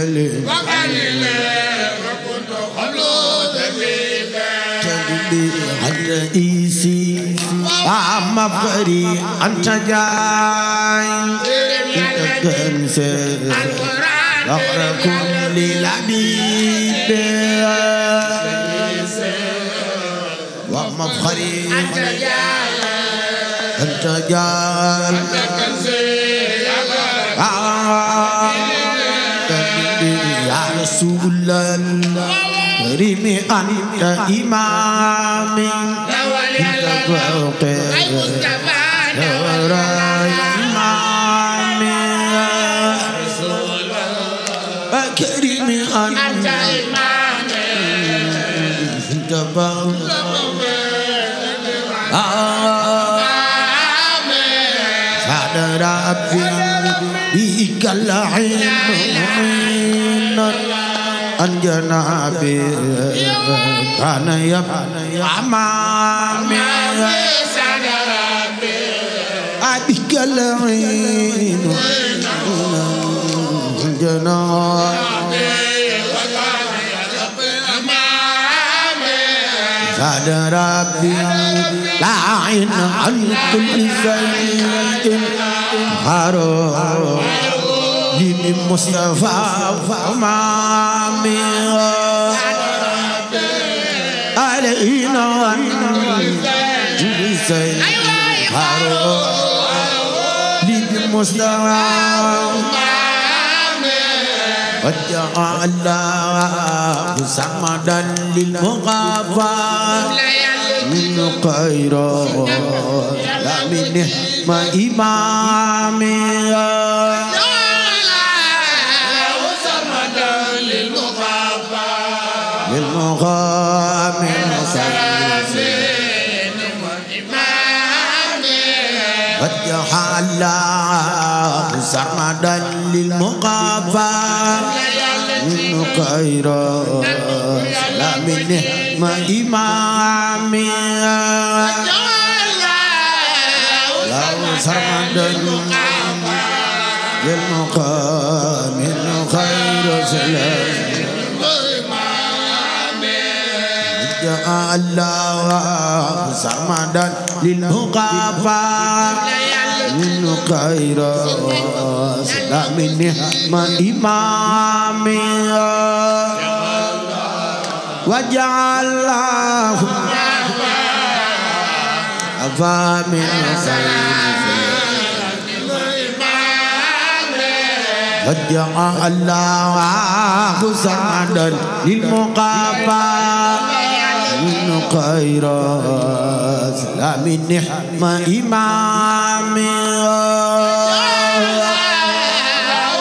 وقليل وقليل وكنت قبل تبيبا تبيبي عن رئيسي وعم فري عن تجاي تكنسر ظهركم للعبيد ومفخري أنت جال أنت كنسر رسولا كريم أنت إمامي بتفوق دور إمامي كريم أنت إمامي تفوق ربي بك العلم أنجنا كان يبقى أمامي أبك العين أنجنا زاد ربي لا عين عن كل زيت حرام المصطفى ومامي علينا جلسين هارو للمصطفى قد الله سمدا للمغافى من خيرا لا من نعم إمامي للمقام المسلم والإمام قد جعل سرمدا للمقافى من خير سلام نعم إمامي له سرمدا للمقام خير سلام الله سمدا للمقافى من خير سلام نعم إمامي وجعل الله فمن خير وجعل الله سمدا للمقافى من خير اسلام نحمة إمام جعل الله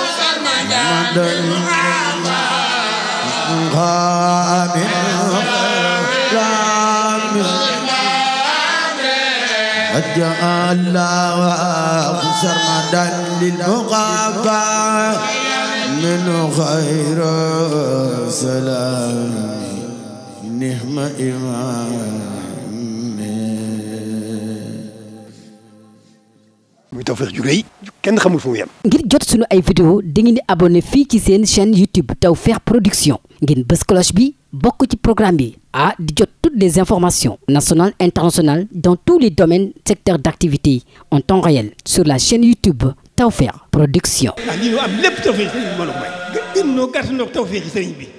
سرمدا للمغابة من خير سلام نعم muy tawfeex ju xamul fu ngir jot sunu ay vidéo dangeen di abonné fii ci seen chaîne YouTube Tawfekh Production ngeen bës cloche bi bokk ci programme bi ah di jot toutes les informations nationales internationales dans tous les domaines secteurs d'activité en temps réel sur la chaîne YouTube Tawfekh Production. ah lii loo